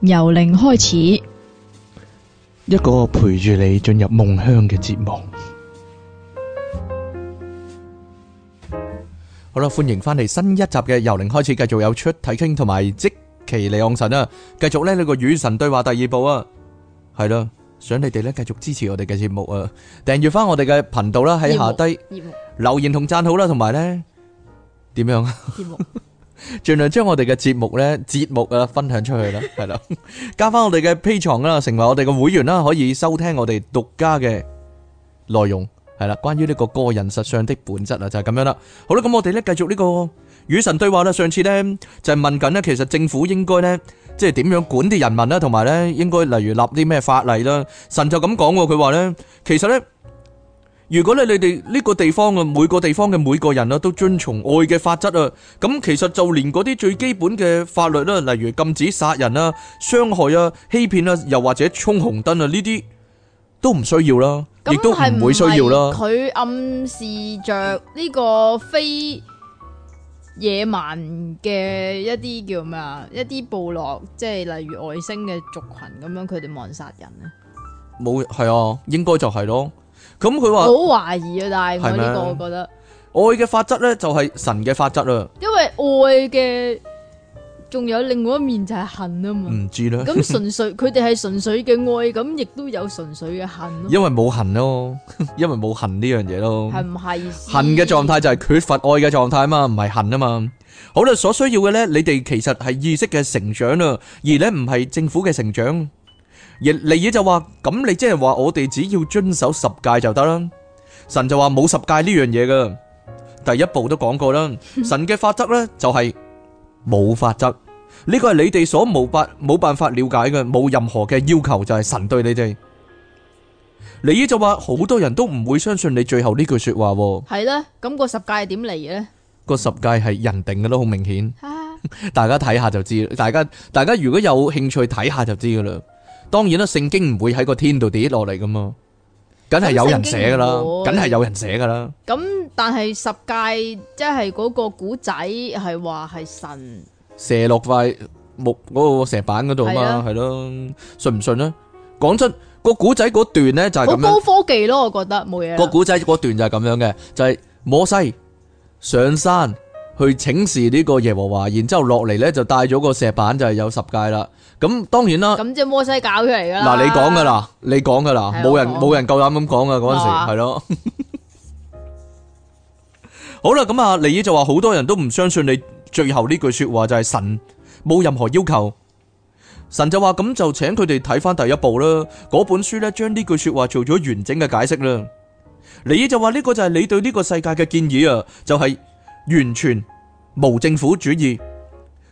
由零開始，一個陪住你進入夢鄉嘅節目。好啦，歡迎翻嚟新一集嘅由零開始，繼續有出睇清同埋即其嚟望神啊！繼續咧呢個與神對話第二部啊，係啦，想你哋咧繼續支持我哋嘅節目啊！訂閱翻我哋嘅頻道啦，喺下低留言同讚好啦，同埋咧點樣啊？盡量將我哋嘅節目呢節目啦分享出去啦，係啦，加翻我哋嘅 Patreon 啦，成為我哋嘅會員啦，可以收聽我哋獨家嘅內容，係啦，關於呢個個人實相的本質啊，就係咁樣啦。好啦，咁我哋呢繼續呢個與神對話啦。上次呢就係問緊呢，其實政府應該呢即係點樣管啲人民啦，同埋呢應該例如立啲咩法例啦。神就咁講喎，佢話呢其實呢。如果咧，你哋呢個地方嘅每個地方嘅每個人啦，都遵從愛嘅法則啊，咁其實就連嗰啲最基本嘅法律啦，例如禁止殺人啊、傷害啊、欺騙啊，又或者衝紅燈啊呢啲，都唔需要啦，亦都唔會需要啦。佢暗示着呢個非野蠻嘅一啲叫咩啊？一啲部落，即係例如外星嘅族群咁樣，佢哋望殺人啊？冇，係啊，應該就係咯。咁佢話好懷疑啊，但係我呢個我覺得愛嘅法則咧就係神嘅法則啦。因為愛嘅仲有另外一面就係恨啊嘛。唔知啦。咁純粹佢哋係純粹嘅愛，咁亦都有純粹嘅恨咯。因為冇恨咯，因為冇恨呢樣嘢咯。係唔係？恨嘅狀態就係缺乏愛嘅狀態啊嘛，唔係恨啊嘛。好啦，所需要嘅咧，你哋其實係意識嘅成長啊，而咧唔係政府嘅成長。而尼爾就話咁，你即係話我哋只要遵守十戒就得啦。神就話冇十戒呢樣嘢噶，第一步都講過啦。神嘅法則咧就係冇法則，呢個係你哋所冇法冇辦法了解嘅，冇任何嘅要求就係神對你哋。尼爾就話，好多人都唔會相信你最後呢句說話係啦。咁個十戒係點嚟嘅呢？個十戒係人定嘅咯，好明顯，大家睇下就知。大家大家如果有興趣睇下就知噶啦。當然啦，聖經唔會喺個天度跌落嚟噶嘛，梗係有人寫噶啦，梗係有人寫噶啦。咁但係十誡，即係嗰個古仔係話係神射落塊木、那個石板嗰度啊嘛，係咯、啊，信唔信啊？講真，那個古仔嗰段咧就係、是、咁高科技咯、啊，我覺得冇嘢。個古仔嗰段就係咁樣嘅，就係、是、摩西上山去請示呢個耶和華，然之後落嚟咧就帶咗個石板就係、是、有十誡啦。咁當然啦，咁即係摩西搞出嚟噶啦。嗱，你講噶啦，你講噶啦，冇人冇人夠膽咁講噶嗰陣時，係咯。好啦，咁啊，尼爾就話，好多人都唔相信你最後呢句說話就係神冇任何要求，神就話，咁就請佢哋睇翻第一部啦。嗰本書咧將呢句說話做咗完整嘅解釋啦。尼爾就話，呢個就係你對呢個世界嘅建議啊，就係完全無政府主義。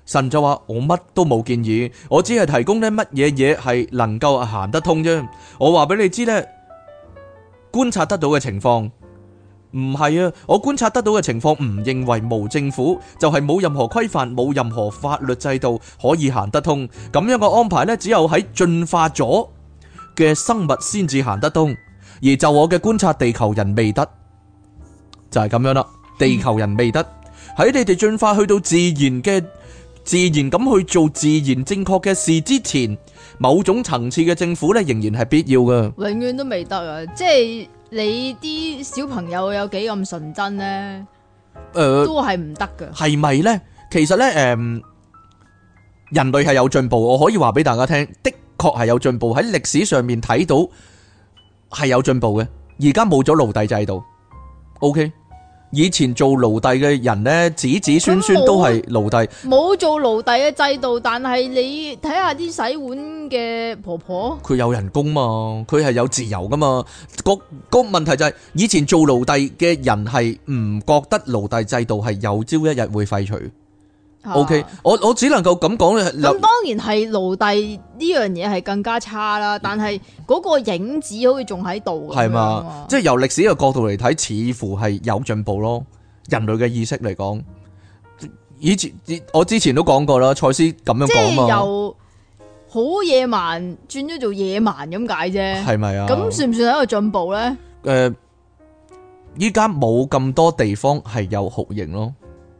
神就話：我乜都冇建議，我只係提供咧乜嘢嘢係能夠行得通啫。我話俾你知呢，觀察得到嘅情況唔係啊。我觀察得到嘅情況唔認為無政府就係、是、冇任何規範、冇任何法律制度可以行得通。咁樣嘅安排呢，只有喺進化咗嘅生物先至行得通。而就我嘅觀察地、就是，地球人未得就係咁樣啦。地球人未得喺你哋進化去到自然嘅。自然咁去做自然正確嘅事之前，某種層次嘅政府呢仍然係必要嘅。永遠都未得啊！即係你啲小朋友有幾咁純真呢？誒、呃，都係唔得㗎。係咪呢？其實呢，誒、呃，人類係有進步。我可以話俾大家聽，的確係有進步。喺歷史上面睇到係有進步嘅。而家冇咗奴隸制度。OK。以前做奴隸嘅人呢，子子孫孫都係奴隸，冇做奴隸嘅制度。但係你睇下啲洗碗嘅婆婆，佢有人工嘛？佢係有自由㗎嘛？嗰嗰、嗰個問題就係、是，以前做奴隸嘅人係唔覺得奴隸制度係有朝一日會廢除。O K，我我只能夠咁講咧。咁當然係奴隸呢樣嘢係更加差啦，但係嗰個影子好似仲喺度。係嘛，即係由歷史嘅角度嚟睇，似乎係有進步咯。人類嘅意識嚟講，以前我之前都講過啦，賽斯咁樣講啊嘛。即係由好野蠻轉咗做野蠻咁解啫。係咪啊？咁算唔算係一個進步咧？誒，依家冇咁多地方係有酷刑咯。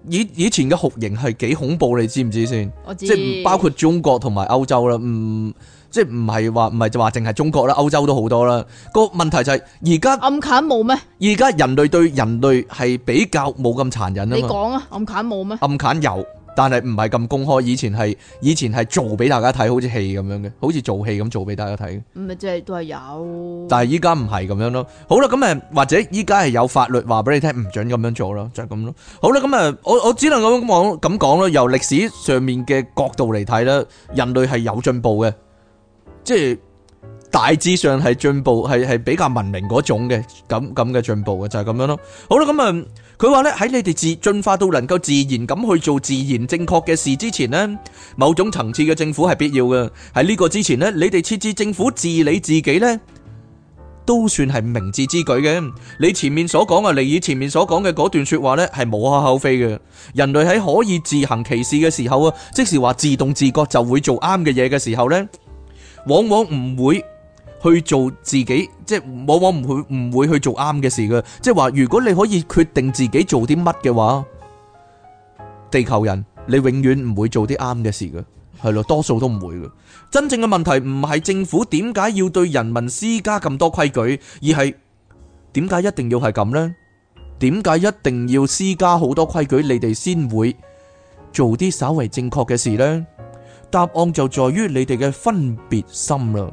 以以前嘅酷刑係幾恐怖，你知唔知先？我知。即係包括中國同埋歐洲啦，嗯，即係唔係話唔係就話淨係中國啦，歐洲都好多啦。個問題就係而家暗㗎冇咩？而家人類對人類係比較冇咁殘忍啊嘛。你講啊，暗㗎冇咩？暗㗎有，但係唔係咁公開，以前係以前係做俾大家睇，好似戲咁樣嘅，好似做戲咁做俾大家睇。唔係即係都係有。但係依家唔係咁樣咯。好啦，咁誒，或者依家係有法律話俾你聽，唔准咁樣做咯，就係咁咯。好啦，咁誒，我我只能咁講咁講咯。由歷史上面嘅角度嚟睇啦，人類係有進步嘅，即係大致上係進步，係係比較文明嗰種嘅，咁咁嘅進步嘅就係咁樣咯。好啦，咁啊。佢話咧，喺你哋自進化到能夠自然咁去做自然正確嘅事之前呢，某種層次嘅政府係必要嘅。喺呢個之前呢，你哋設置政府治理自己呢，都算係明智之舉嘅。你前面所講啊，尼爾前面所講嘅嗰段說話呢，係無可厚非嘅。人類喺可以自行其事嘅時候啊，即係話自動自覺就會做啱嘅嘢嘅時候呢，往往唔會。去做自己，即係往往唔會唔會去做啱嘅事嘅。即係話，如果你可以決定自己做啲乜嘅話，地球人你永遠唔會做啲啱嘅事嘅。係咯，多數都唔會嘅。真正嘅問題唔係政府點解要對人民施加咁多規矩，而係點解一定要係咁呢？點解一定要施加好多規矩，你哋先會做啲稍為正確嘅事呢？答案就在於你哋嘅分別心啦。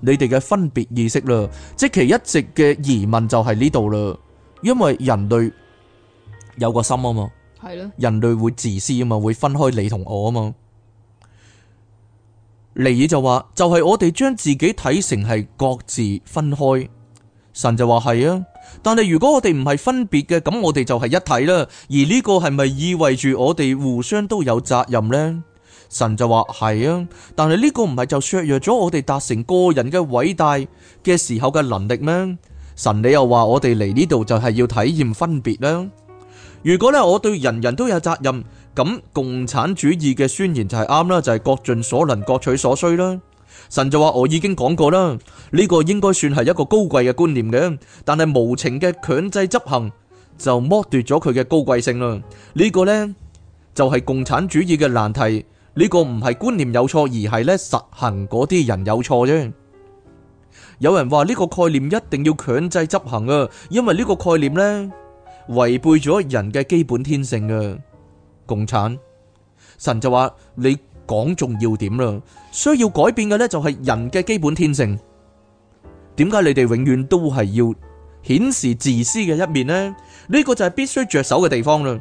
你哋嘅分別意識啦，即其一直嘅疑問就係呢度啦，因為人類有個心啊嘛，係咯的，人類會自私啊嘛，會分開你同我啊嘛。尼爾就話，就係、是、我哋將自己睇成係各自分開，神就話係啊，但係如果我哋唔係分別嘅，咁我哋就係一體啦。而呢個係咪意味住我哋互相都有責任呢？神就話係啊，但係呢個唔係就削弱咗我哋達成個人嘅偉大嘅時候嘅能力咩？神你又話我哋嚟呢度就係要體驗分別啦。如果咧我對人人都有責任，咁共產主義嘅宣言就係啱啦，就係各盡所能，各取所需啦。神就話我已經講過啦，呢個應該算係一個高貴嘅觀念嘅，但係無情嘅強制執行就剝奪咗佢嘅高貴性啦。呢個呢，就係共產主義嘅難題。呢個唔係觀念有錯，而係咧實行嗰啲人有錯啫。有人話呢個概念一定要強制執行啊，因為呢個概念呢，違背咗人嘅基本天性啊。共產神就話：你講重要點啦，需要改變嘅呢，就係人嘅基本天性。點解你哋永遠都係要顯示自私嘅一面呢？呢個就係必須着手嘅地方啦。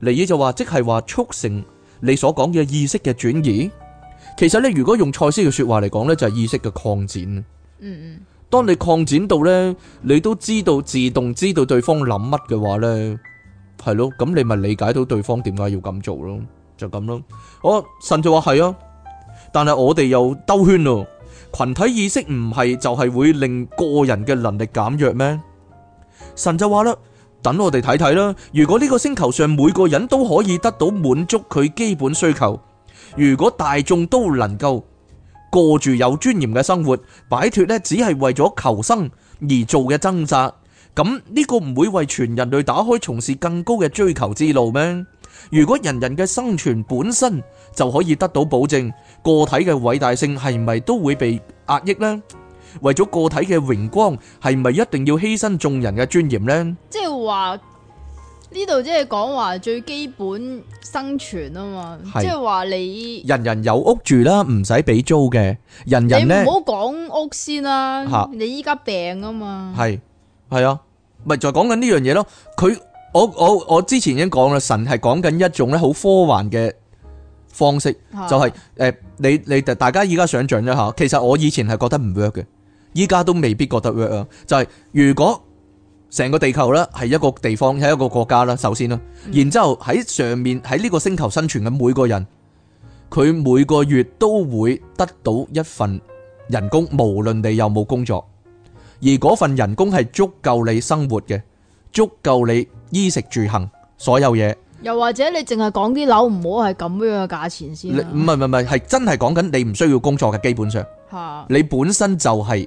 尼爾就話，即係話促成。你所講嘅意識嘅轉移，其實咧，如果用賽斯嘅說話嚟講咧，就係、是、意識嘅擴展。嗯嗯，當你擴展到咧，你都知道自動知道對方諗乜嘅話咧，係咯，咁你咪理解到對方點解要咁做咯，就咁咯。我、哦、神就話係啊，但係我哋又兜圈咯。群體意識唔係就係會令個人嘅能力減弱咩？神就話啦。等我哋睇睇啦。如果呢個星球上每個人都可以得到滿足佢基本需求，如果大眾都能夠過住有尊嚴嘅生活，擺脫呢隻係為咗求生而做嘅掙扎，咁呢個唔會為全人類打開從事更高嘅追求之路咩？如果人人嘅生存本身就可以得到保證，個體嘅偉大性係咪都會被壓抑呢？為咗個體嘅榮光，係咪一定要犧牲眾人嘅尊嚴呢？即係話呢度即係講話最基本生存啊嘛！即係話你人人有屋住啦，唔使俾租嘅，人人咧你唔好講屋先啦。你依家病啊嘛，係係啊，咪就係講緊呢樣嘢咯。佢我我我之前已經講啦，神係講緊一種咧好科幻嘅方式，就係誒你你大家依家想象一下，其實我以前係覺得唔 work 嘅。依家都未必覺得 work 啊！就係如果成個地球咧係一個地方，係一個國家啦，首先啦，然之後喺上面喺呢個星球生存嘅每個人，佢每個月都會得到一份人工，無論你有冇工作，而嗰份人工係足夠你生活嘅，足夠你衣食住行所有嘢。又或者你淨係講啲樓唔好係咁樣嘅價錢先，唔係唔係唔係，係真係講緊你唔需要工作嘅，基本上，吓，你本身就係。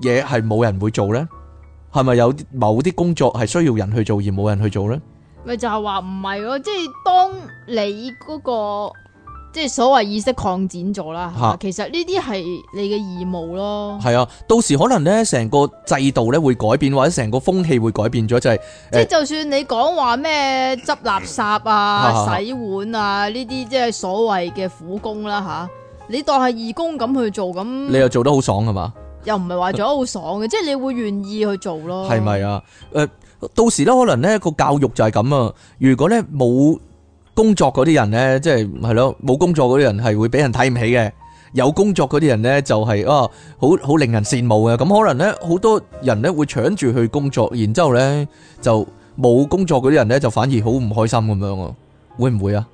嘢係冇人會做呢，係咪有某啲工作係需要人去做而冇人去做呢？咪就係話唔係咯，即係當你嗰個即係所謂意識擴展咗啦吓，其實呢啲係你嘅義務咯。係啊，到時可能呢成個制度呢會改變，或者成個風氣會改變咗，就係即就算你講話咩執垃圾啊、洗碗啊呢啲即係所謂嘅苦工啦吓，你當係義工咁去做咁，你又做得好爽係嘛？又唔係話做得好爽嘅，即係你會願意去做咯。係咪啊？誒，到時咧，可能咧個教育就係咁啊。如果咧冇工作嗰啲人咧，即係係咯，冇工作嗰啲人係會俾人睇唔起嘅。有工作嗰啲人咧，就係啊，好好令人羨慕嘅。咁可能咧，好多人咧會搶住去工作，然之後咧就冇工作嗰啲人咧，就反而好唔開心咁樣啊。會唔會啊？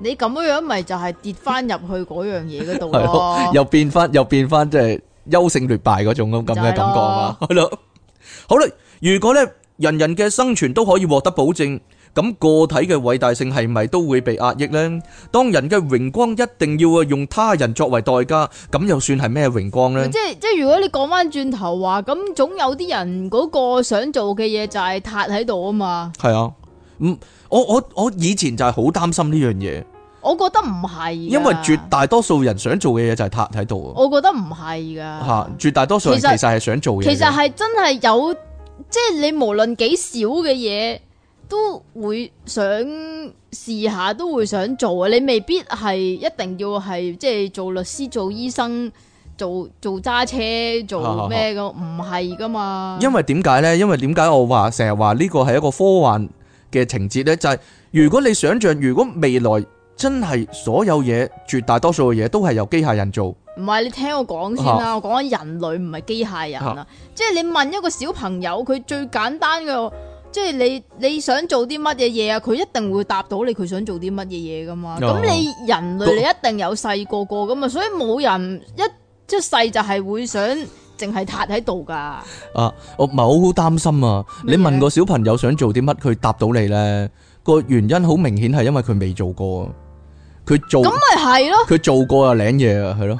你咁樣咪就係跌翻入去嗰樣嘢嗰度咯，又變翻又變翻，即係。優勝劣敗嗰種咁嘅感覺嘛，係咯。好啦，如果咧人人嘅生存都可以獲得保證，咁個體嘅偉大性係咪都會被壓抑呢？當人嘅榮光一定要用他人作為代價，咁又算係咩榮光呢？即係即係，如果你講翻轉頭話，咁總有啲人嗰個想做嘅嘢就係塌喺度啊嘛。係啊，唔，我我我以前就係好擔心呢樣嘢。我覺得唔係，因為絕大多數人想做嘅嘢就係攤喺度啊！我覺得唔係㗎，嚇絕大多數人其實係想做嘢，其實係真係有，即係你無論幾少嘅嘢都會想試下，都會想做啊！你未必係一定要係即係做律師、做醫生、做做揸車、做咩嘅，唔係㗎嘛？因為點解呢？因為點解我話成日話呢個係一個科幻嘅情節呢？就係如果你想像如果未來真係所有嘢，絕大多數嘅嘢都係由機械人做。唔係，你聽我講先啦。啊、我講緊人類唔係機械人啊。即係你問一個小朋友，佢最簡單嘅，即係你你想做啲乜嘢嘢啊？佢一定會答到你，佢想做啲乜嘢嘢噶嘛？咁、啊、你人類你一定有細個過噶嘛？啊、所以冇人一即係細就係、是、會想淨係塌喺度噶。啊，我唔係好擔心啊。乜？你問個小朋友想做啲乜，佢答到你咧，個原因好明顯係因為佢未做過過。佢做咁咪係咯，佢做過啊領嘢啊係咯，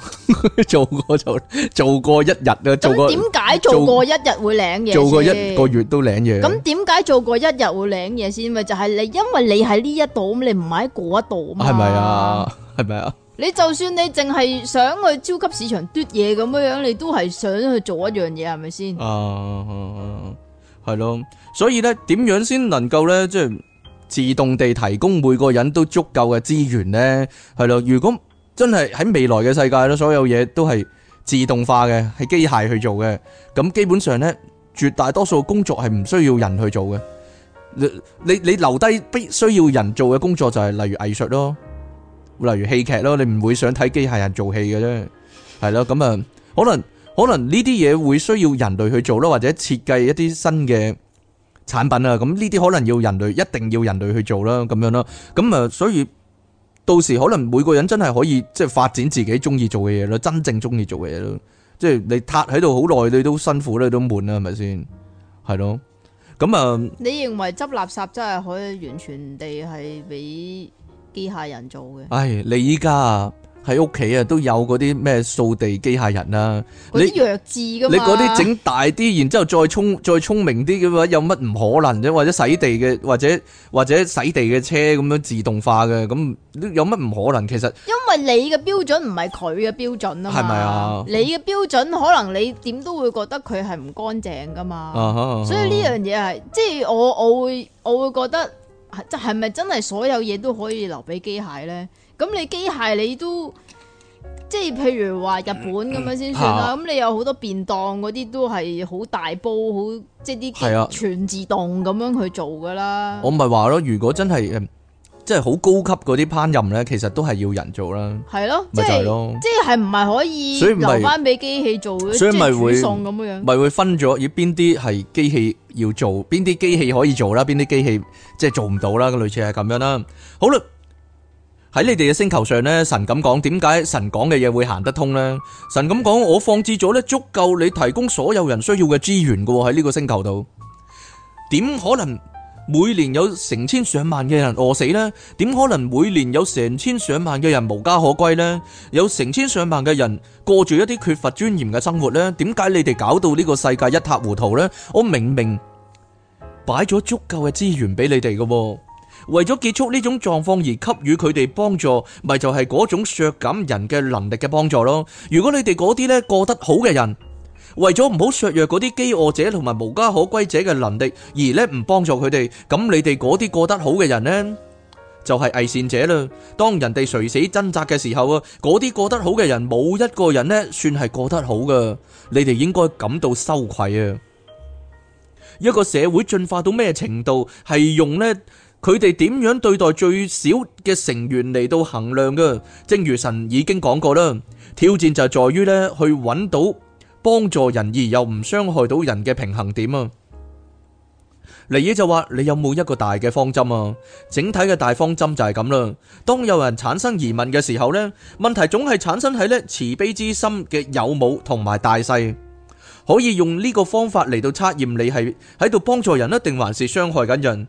做過就做過一日啊做，點解做過一日會領嘢？做過一個月都領嘢。咁點解做過一日會領嘢先？咪就係你，因為你喺呢一度咁，你唔係喺嗰一度啊？係咪啊？係咪啊？你就算你淨係想去超級市場奪嘢咁樣樣，你都係想去做一樣嘢，係咪先？啊，係咯。所以咧，點樣先能夠咧，即係。自動地提供每個人都足夠嘅資源呢，係咯。如果真係喺未來嘅世界咧，所有嘢都係自動化嘅，係機械去做嘅。咁基本上呢，絕大多數工作係唔需要人去做嘅。你你留低必須要人做嘅工作就係、是、例如藝術咯，例如戲劇咯，你唔會想睇機械人做戲嘅啫。係咯，咁、嗯、啊，可能可能呢啲嘢會需要人類去做咯，或者設計一啲新嘅。產品啊，咁呢啲可能要人類，一定要人類去做啦，咁樣啦，咁啊，所以到時可能每個人真係可以即係、就是、發展自己中意做嘅嘢啦，真正中意做嘅嘢咯，即係你撻喺度好耐，你都辛苦啦，你都悶啦，係咪先？係咯，咁啊，你認為執垃圾真係可以完全地係俾機械人做嘅？唉，你而家。喺屋企啊，都有嗰啲咩掃地機械人啦。嗰啲弱智噶嘛？你嗰啲整大啲，然之後再聰再聰明啲嘅話，有乜唔可能啫？或者洗地嘅，或者或者洗地嘅車咁樣自動化嘅，咁有乜唔可能？其實因為你嘅標準唔係佢嘅標準啊嘛。係咪啊？你嘅標準可能你點都會覺得佢係唔乾淨噶嘛。Uh huh, uh huh. 所以呢樣嘢係，即係我我會我會覺得，即係咪真係所有嘢都可以留俾機械咧？咁你機械你都即係譬如話日本咁樣先算啦，咁、啊、你有好多便當嗰啲都係好大煲，好即係啲啊，全自動咁樣去做噶啦。我咪話咯，如果真係即係好高級嗰啲烹飪咧，其實都係要人做啦。係咯、啊，就就即就係咯，即係唔係可以留翻俾機器做，所以咪會送咁樣，咪會分咗要邊啲係機器要做，邊啲機器可以做啦，邊啲機器即係做唔到啦，類似係咁樣啦。好啦。好喺你哋嘅星球上咧，神咁講，點解神講嘅嘢會行得通呢？神咁講，我放置咗咧足夠你提供所有人需要嘅資源嘅喺呢個星球度，點可能每年有成千上萬嘅人餓死呢？點可能每年有成千上萬嘅人無家可歸呢？有成千上萬嘅人過住一啲缺乏尊嚴嘅生活呢？點解你哋搞到呢個世界一塌糊塗呢？我明明擺咗足夠嘅資源俾你哋嘅。為咗結束呢種狀況而給予佢哋幫助，咪就係、是、嗰種削減人嘅能力嘅幫助咯。如果你哋嗰啲呢過得好嘅人，為咗唔好削弱嗰啲飢餓者同埋無家可歸者嘅能力而呢唔幫助佢哋，咁你哋嗰啲過得好嘅人呢，就係、是、偽善者啦。當人哋垂死掙扎嘅時候啊，嗰啲過得好嘅人冇一個人呢算係過得好噶。你哋應該感到羞愧啊！一個社會進化到咩程度，係用呢。佢哋點樣對待最少嘅成員嚟到衡量㗎？正如神已經講過啦，挑戰就在於呢：去揾到幫助人而又唔傷害到人嘅平衡點啊！尼爾就話：你有冇一個大嘅方針啊？整體嘅大方針就係咁啦。當有人產生疑問嘅時候呢，問題總係產生喺呢慈悲之心嘅有冇同埋大細，可以用呢個方法嚟到測驗你係喺度幫助人啊，定還是傷害緊人？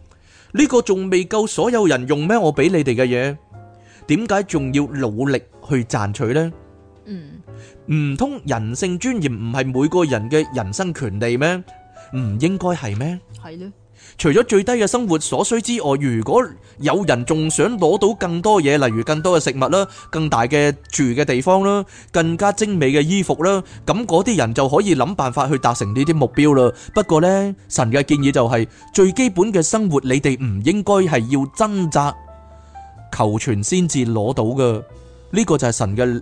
呢個仲未夠所有人用咩？我俾你哋嘅嘢，點解仲要努力去賺取呢？嗯，唔通人性尊嚴唔係每個人嘅人生權利咩？唔應該係咩？係咯。除咗最低嘅生活所需之外，如果有人仲想攞到更多嘢，例如更多嘅食物啦、更大嘅住嘅地方啦、更加精美嘅衣服啦，咁嗰啲人就可以諗辦法去達成呢啲目標啦。不過咧，神嘅建議就係最基本嘅生活，你哋唔應該係要掙扎求存先至攞到嘅。呢個就係神嘅。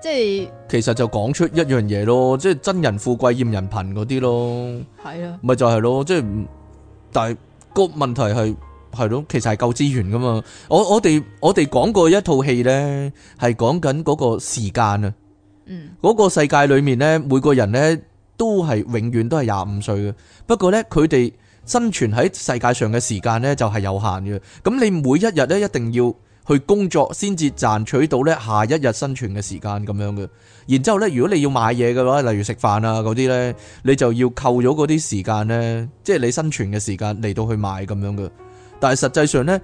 即係其實就講出一樣嘢咯，即係真人富貴厭人貧嗰啲咯，係咯，咪就係咯，即係，但係個問題係係咯，其實係夠資源噶嘛。我我哋我哋講過一套戲咧，係講緊嗰個時間啊，嗯，嗰個世界裏面咧，每個人咧都係永遠都係廿五歲嘅，不過咧佢哋生存喺世界上嘅時間咧就係有限嘅，咁你每一日咧一定要。去工作先至賺取到咧下一日生存嘅時間咁樣嘅。然之後咧，如果你要買嘢嘅話，例如食飯啊嗰啲咧，你就要扣咗嗰啲時間咧，即係你生存嘅時間嚟到去買咁樣嘅。但係實際上咧，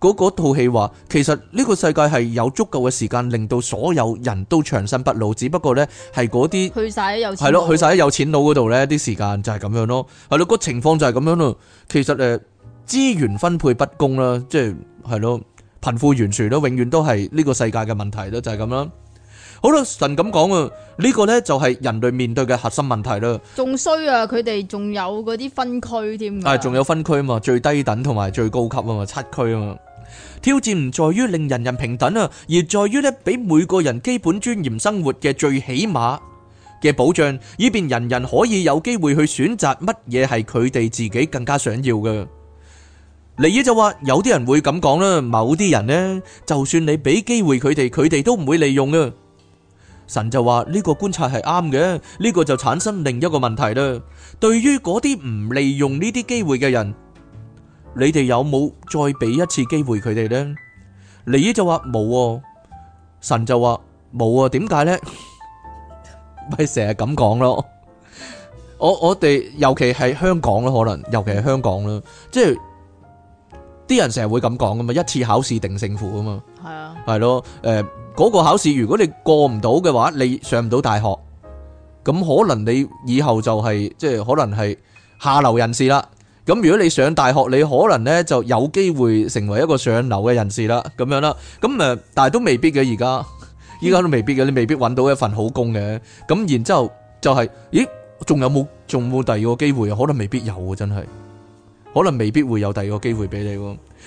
嗰套戲話其實呢個世界係有足夠嘅時間令到所有人都長生不老，只不過咧係嗰啲去曬有係咯，去曬有錢佬嗰度咧啲時間就係咁樣咯。係咯，個情況就係咁樣咯。其實誒資源分配不公啦，即係係咯。貧富懸殊永遠都永遠都係呢個世界嘅問題咯，就係咁啦。好啦，神咁講啊，呢、這個呢就係人類面對嘅核心問題啦。仲衰啊，佢哋仲有嗰啲分區添。係仲有分區嘛，最低等同埋最高級啊嘛，七區啊嘛。挑戰唔在於令人人平等啊，而在於呢，俾每個人基本尊嚴生活嘅最起碼嘅保障，以便人人可以有機會去選擇乜嘢係佢哋自己更加想要嘅。尼爾就話，有啲人會咁講啦，某啲人呢，就算你俾機會佢哋，佢哋都唔會利用啦。神就話，呢個觀察係啱嘅，呢個就產生另一個問題啦。對於嗰啲唔利用呢啲機會嘅人，你哋有冇再俾一次機會佢哋呢？尼爾就話，冇啊。神就話，冇啊，點解呢？咪成日咁講囉。我，我哋，尤其係香港啦，可能，尤其係香港啦。 啲人成日會咁講噶嘛，一次考試定勝負啊嘛，係啊，係咯，誒、呃，嗰、那個考試如果你過唔到嘅話，你上唔到大學，咁可能你以後就係、是、即係可能係下流人士啦。咁如果你上大學，你可能呢就有機會成為一個上流嘅人士啦，咁樣啦。咁誒，但係都未必嘅，而家，而家都未必嘅，你未必揾到一份好工嘅。咁然之後就係、是，咦，仲有冇仲冇第二個機會？可能未必有啊，真係。可能未必會有第二個機會俾你，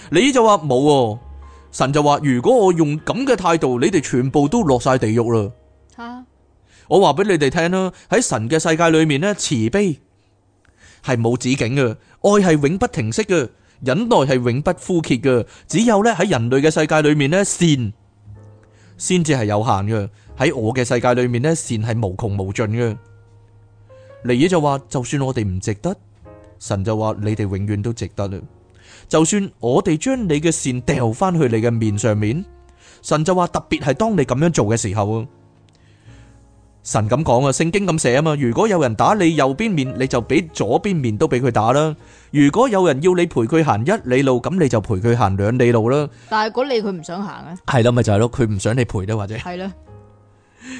尼爾就話冇、啊，神就話，如果我用咁嘅態度，你哋全部都落晒地獄啦。吓、啊，我話俾你哋聽啦，喺神嘅世界裏面呢，慈悲係冇止境嘅，愛係永不停息嘅，忍耐係永不枯竭嘅，只有咧喺人類嘅世界裏面呢，善，先至係有限嘅。喺我嘅世界裏面呢，善係無窮無盡嘅。尼爾就話，就算我哋唔值得，神就話：你哋永遠都值得嘞！就算我哋將你嘅線掉翻去你嘅面上面，神就話，特別係當你咁樣做嘅時候啊！神咁講啊，聖經咁寫啊嘛。如果有人打你右邊面，你就俾左邊面都俾佢打啦。如果有人要你陪佢行一里路，咁你就陪佢行兩里路啦。但係果你佢唔想行啊。係咯，咪就係咯，佢唔想你陪得，或者係啦。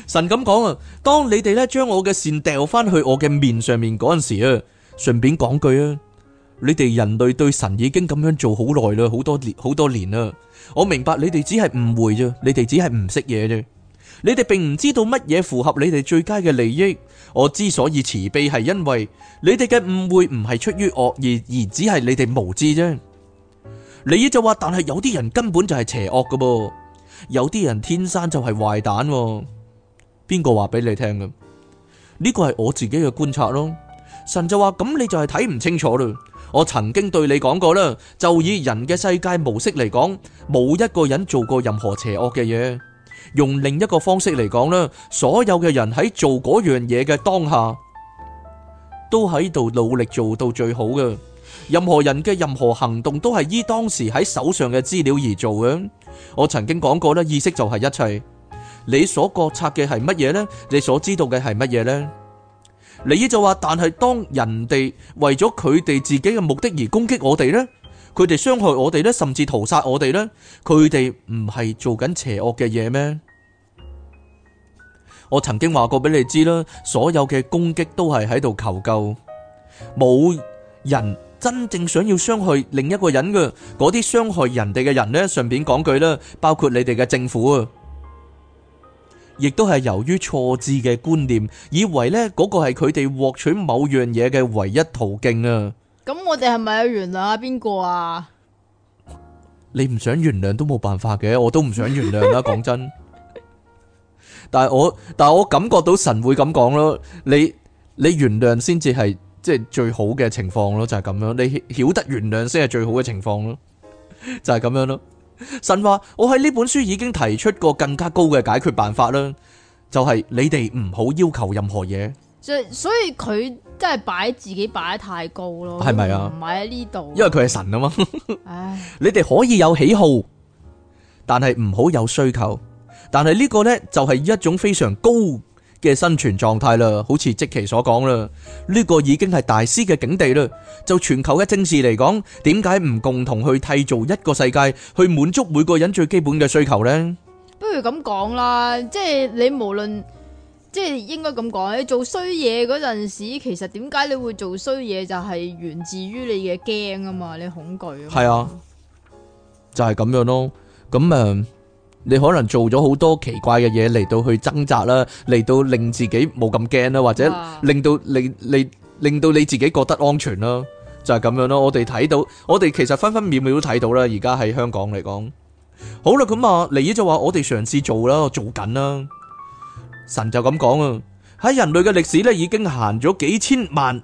神咁講啊，當你哋咧將我嘅線掉翻去我嘅面上面嗰陣時啊。順便講句啊，你哋人類對神已經咁樣做好耐啦，好多年好多年啦。我明白你哋只係誤會啫，你哋只係唔識嘢啫。你哋並唔知道乜嘢符合你哋最佳嘅利益。我之所以慈悲，係因為你哋嘅誤會唔係出於惡意，而只係你哋無知啫。利益就話，但係有啲人根本就係邪惡嘅噃，有啲人天生就係壞蛋。邊個話俾你聽嘅？呢個係我自己嘅觀察咯。神就話：咁你就係睇唔清楚啦。我曾經對你講過啦，就以人嘅世界模式嚟講，冇一個人做過任何邪惡嘅嘢。用另一個方式嚟講咧，所有嘅人喺做嗰樣嘢嘅當下，都喺度努力做到最好嘅。任何人嘅任何行動都係依當時喺手上嘅資料而做嘅。我曾經講過咧，意識就係一切。你所覺察嘅係乜嘢呢？你所知道嘅係乜嘢呢？你呢就話，但係當人哋為咗佢哋自己嘅目的而攻擊我哋呢，佢哋傷害我哋呢，甚至屠殺我哋呢，佢哋唔係做緊邪惡嘅嘢咩？我曾經話過俾你知啦，所有嘅攻擊都係喺度求救，冇人真正想要傷害另一個人嘅，嗰啲傷害人哋嘅人呢，順便講句啦，包括你哋嘅政府啊。亦都係由於錯置嘅觀念，以為呢嗰個係佢哋獲取某樣嘢嘅唯一途徑啊！咁我哋係咪要原諒邊個啊？你唔想原諒都冇辦法嘅，我都唔想原諒啦。講真，但係我但係我感覺到神會咁講咯。你你原諒先至係即係最好嘅情況咯，就係咁樣。你曉得原諒先係最好嘅情況咯，就係咁樣咯。神話我喺呢本書已經提出過更加高嘅解決辦法啦，就係你哋唔好要求任何嘢。就所以佢真係擺自己擺得太高咯，係咪啊？唔係喺呢度，因為佢係神啊嘛。 唉，你哋可以有喜好，但係唔好有需求。但係呢個呢，就係一種非常高。嘅生存狀態啦，好似即其所講啦，呢個已經係大師嘅境地啦。就全球嘅政治嚟講，點解唔共同去締造一個世界，去滿足每個人最基本嘅需求呢？不如咁講啦，即係你無論即係應該咁講，你做衰嘢嗰陣時，其實點解你會做衰嘢，就係源自於你嘅驚啊嘛，你恐懼啊嘛。係啊，就係咁樣咯。咁啊。你可能做咗好多奇怪嘅嘢嚟到去掙扎啦，嚟到令自己冇咁驚啦，或者令到你你令到你自己覺得安全啦，就係咁樣咯。我哋睇到，我哋其實分分秒秒都睇到啦。而家喺香港嚟講，好啦，咁啊，嚟咗就話我哋嘗試做啦，做緊啦。神就咁講啊，喺人類嘅歷史咧，已經行咗幾千萬，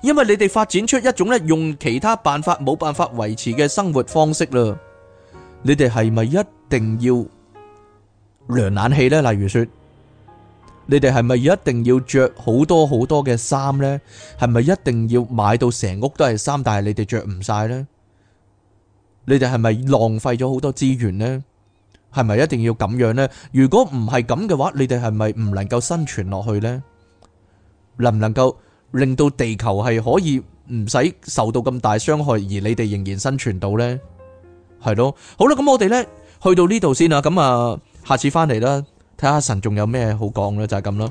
因為你哋發展出一種咧，用其他辦法冇辦法維持嘅生活方式啦，你哋係咪一定要涼冷氣呢？例如說，你哋係咪一定要着好多好多嘅衫呢？係咪一定要買到成屋都係衫，但係你哋着唔晒呢？你哋係咪浪費咗好多資源呢？係咪一定要咁樣呢？如果唔係咁嘅話，你哋係咪唔能夠生存落去呢？能唔能夠？令到地球係可以唔使受到咁大傷害，而你哋仍然生存到咧，係咯。好啦，咁我哋咧去到呢度先啦。咁啊，下次返嚟啦，睇下神仲有咩好講咧，就係咁啦。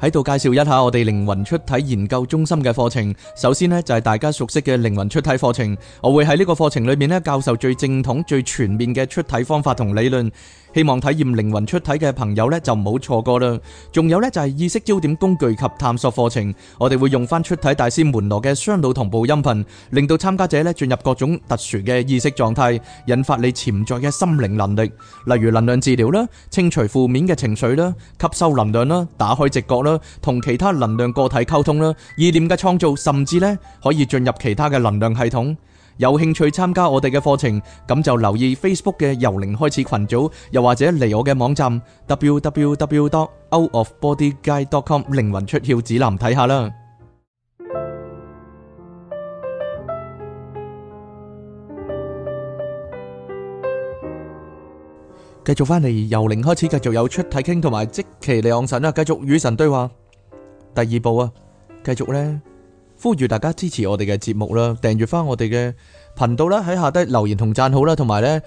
喺度介紹一下我哋靈魂出體研究中心嘅課程。首先呢就係大家熟悉嘅靈魂出體課程，我會喺呢個課程裏面呢教授最正統、最全面嘅出體方法同理論。希望體驗靈魂出體嘅朋友呢就唔好錯過啦。仲有呢就係意識焦點工具及探索課程，我哋會用翻出體大師門羅嘅雙腦同步音頻，令到參加者呢進入各種特殊嘅意識狀態，引發你潛在嘅心靈能力，例如能量治療啦、清除負面嘅情緒啦、吸收能量啦、打開直覺啦。同其他能量個體溝通啦，意念嘅創造，甚至咧可以進入其他嘅能量系統。有興趣參加我哋嘅課程，咁就留意 Facebook 嘅由零開始群組，又或者嚟我嘅網站 www.outofbodyguide.com 靈魂出竅指南睇下啦。繼續翻嚟由零開始，繼續有出體傾同埋即其嚟望神啦，繼續與神對話。第二部啊，繼續呢，呼籲大家支持我哋嘅節目啦，訂閱翻我哋嘅頻道啦，喺下低留言同讚好啦，同埋呢。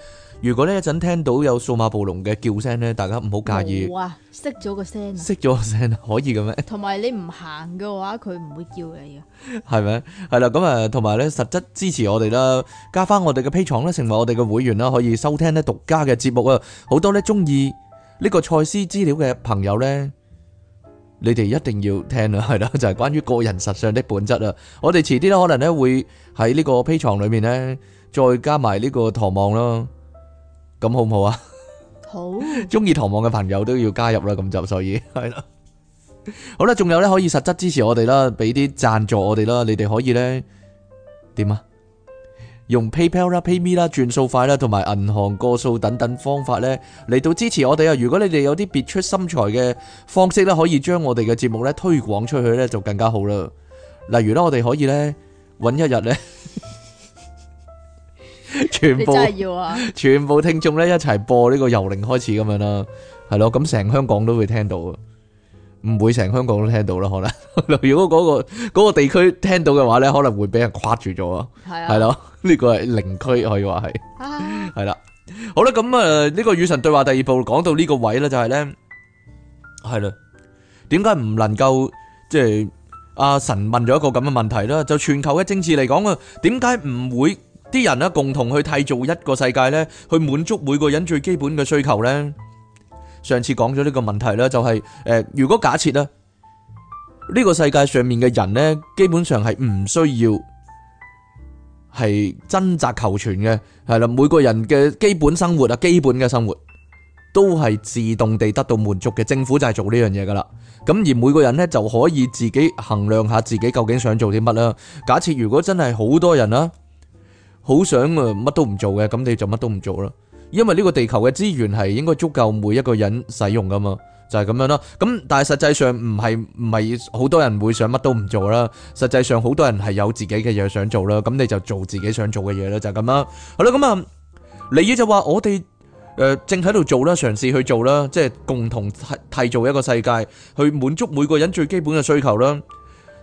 如果咧一陣聽到有數碼暴龍嘅叫聲咧，大家唔好介意。冇啊，熄咗個聲，熄咗個聲可以嘅咩？同埋你唔行嘅話，佢唔會叫你嘅。係咪？係啦，咁誒同埋咧，實質支持我哋啦，加翻我哋嘅 Patreon 咧，成為我哋嘅會員啦，可以收聽咧獨家嘅節目啊。好多咧中意呢個賽斯資料嘅朋友咧，你哋一定要聽啊。係啦，就係關於個人實相的本質啊。我哋遲啲咧可能咧會喺呢個 Patreon 裏面咧再加埋呢個唐望咯。咁好唔好啊？好，中意糖網嘅朋友都要加入啦，咁就所以係啦。 好啦，仲有呢，可以實質支持我哋啦，俾啲贊助我哋啦。你哋可以呢點啊？用 PayPal 啦 Pay、PayMe 啦、轉數快啦，同埋銀行個數等等方法呢嚟到支持我哋啊！如果你哋有啲別出心裁嘅方式呢，可以將我哋嘅節目呢推廣出去呢，就更加好啦。例如呢，我哋可以呢揾一日呢。 全部真係要啊，全部聽眾咧一齊播呢個由零開始咁樣啦，係咯，咁成香港都會聽到，唔會成香港都聽到啦。可能如果嗰個嗰個地區聽到嘅話咧，可能會俾人跨住咗啊。係啊，係咯，呢個係零區可以話係，係啦。好啦，咁啊呢個與神對話第二部講到呢個位啦，就係咧，係啦，點解唔能夠即係阿神問咗一個咁嘅問題啦？就全球嘅政治嚟講啊，點解唔會？啲人咧，共同去締造一個世界咧，去滿足每個人最基本嘅需求咧。上次講咗呢個問題啦，就係、是、誒、呃，如果假設咧，呢、這個世界上面嘅人咧，基本上係唔需要係掙扎求全嘅，係啦，每個人嘅基本生活啊，基本嘅生活都係自動地得到滿足嘅。政府就係做呢樣嘢噶啦，咁而每個人咧就可以自己衡量下自己究竟想做啲乜啦。假設如果真係好多人啦。好想啊，乜都唔做嘅，咁你就乜都唔做啦。因為呢個地球嘅資源係應該足夠每一個人使用噶嘛，就係、是、咁樣啦。咁但係實際上唔係唔係好多人會想乜都唔做啦。實際上好多人係有自己嘅嘢想做啦。咁你就做自己想做嘅嘢啦，就係、是、咁啦。好啦，咁、嗯、啊，李野就話我哋誒、呃、正喺度做啦，嘗試去做啦，即係共同替，締造一個世界，去滿足每個人最基本嘅需求啦。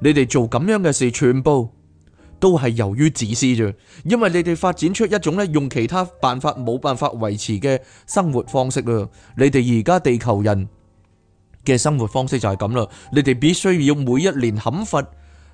你哋做咁樣嘅事，全部都係由於自私啫。因為你哋發展出一種咧用其他辦法冇辦法維持嘅生活方式啦。你哋而家地球人嘅生活方式就係咁啦。你哋必須要每一年砍伐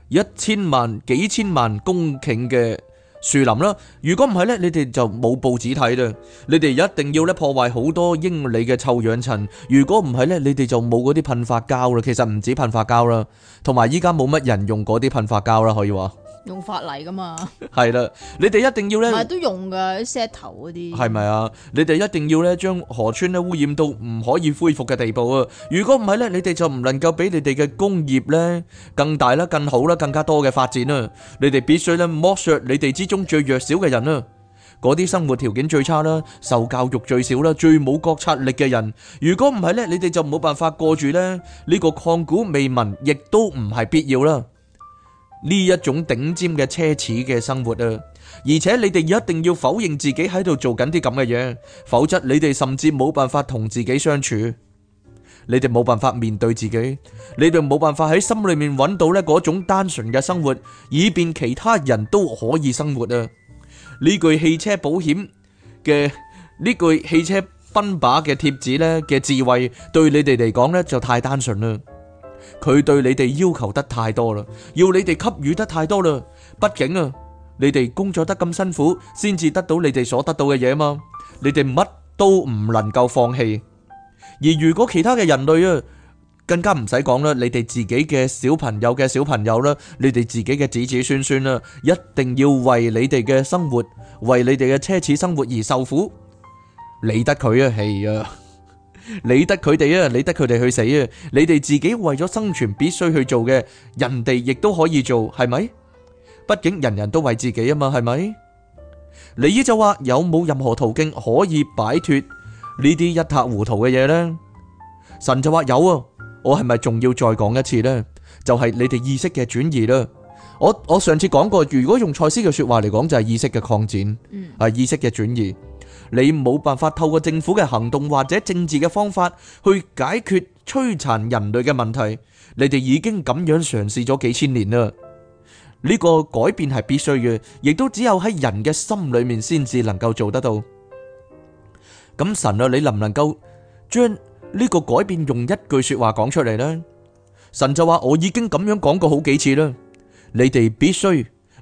一千萬、幾千萬公頃嘅。樹林啦，如果唔係呢，你哋就冇報紙睇啦。你哋一定要咧破壞好多英里嘅臭氧層，如果唔係呢，你哋就冇嗰啲噴髮膠啦。其實唔止噴髮膠啦，同埋依家冇乜人用嗰啲噴髮膠啦，可以話。用法例噶嘛？係啦，你哋一定要咧，都用噶啲石頭嗰啲，係咪啊？你哋一定要咧，將河川咧污染到唔可以恢復嘅地步啊！如果唔係咧，你哋就唔能夠俾你哋嘅工業咧更大啦、更好啦、更加多嘅發展啊！你哋必須咧剝削你哋之中最弱小嘅人啊！嗰啲生活條件最差啦、受教育最少啦、最冇覺察力嘅人，如果唔係咧，你哋就冇辦法過住咧呢個曠古未聞，亦都唔係必要啦。呢一種頂尖嘅奢侈嘅生活啊，而且你哋一定要否認自己喺度做緊啲咁嘅嘢，否則你哋甚至冇辦法同自己相處，你哋冇辦法面對自己，你哋冇辦法喺心裏面揾到呢嗰種單純嘅生活，以便其他人都可以生活啊！呢句汽車保險嘅呢句汽車奔把嘅貼紙呢嘅智慧，對你哋嚟講呢，就太單純啦。佢對你哋要求得太多啦，要你哋給予得太多啦。畢竟啊，你哋工作得咁辛苦，先至得到你哋所得到嘅嘢嘛。你哋乜都唔能夠放棄。而如果其他嘅人類啊，更加唔使講啦，你哋自己嘅小朋友嘅小朋友啦，你哋自己嘅子子孫孫啦，一定要為你哋嘅生活，為你哋嘅奢侈生活而受苦，理得佢啊，係啊。理得佢哋啊！理得佢哋去死啊！你哋自己為咗生存必須去做嘅，人哋亦都可以做，係咪？畢竟人人都為自己啊嘛，係咪？尼爾就話，有冇任何途徑可以擺脫呢啲一塌糊塗嘅嘢呢？神就話有啊！我係咪仲要再講一次呢？就係、是、你哋意識嘅轉移啦！我我上次講過，如果用賽斯嘅說話嚟講，就係、是、意識嘅擴展，嗯、啊意識嘅轉移。你冇辦法透過政府嘅行動或者政治嘅方法去解決摧殘人類嘅問題，你哋已經咁樣嘗試咗幾千年啦。呢個改變係必須嘅，亦都只有喺人嘅心裏面先至能夠做得到。咁神啊，你能唔能夠將呢個改變用一句說話講出嚟呢？神就話我已經咁樣講過好幾次啦，你哋必須。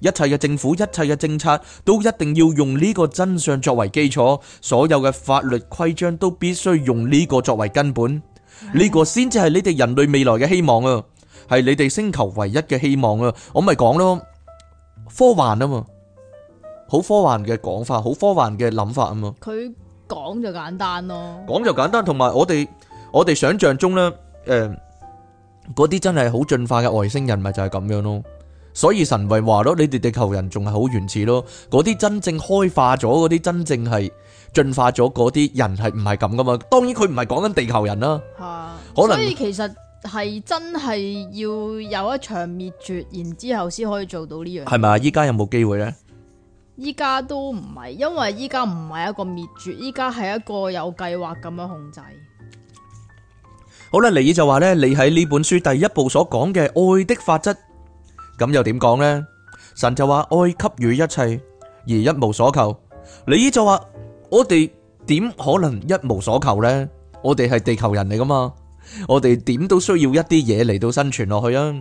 一切嘅政府，一切嘅政策，都一定要用呢個真相作為基礎；所有嘅法律規章都必須用呢個作為根本，呢個先至係你哋人類未來嘅希望啊！係你哋星球唯一嘅希望啊！我咪講咯，科幻啊嘛，好科幻嘅講法，好科幻嘅諗法啊嘛。佢講就簡單咯，講就簡單，同埋我哋我哋想象中咧，誒，嗰啲真係好進化嘅外星人咪就係咁樣咯。所以神咪話咯，你哋地球人仲係好原始咯，嗰啲真正開化咗，嗰啲真正係進化咗，嗰啲人係唔係咁噶嘛，當然佢唔係講緊地球人啦，啊、可能所以其實係真係要有一場滅絕，然之後先可以做到呢樣。係咪啊？依家有冇機會呢？依家都唔係，因為依家唔係一個滅絕，依家係一個有計劃咁樣控制。好啦，尼爾就話咧，你喺呢本書第一部所講嘅愛的法則。咁又點講呢？神就話愛給予一切，而一無所求。你就話我哋點可能一無所求呢？我哋係地球人嚟噶嘛，我哋點都需要一啲嘢嚟到生存落去啊！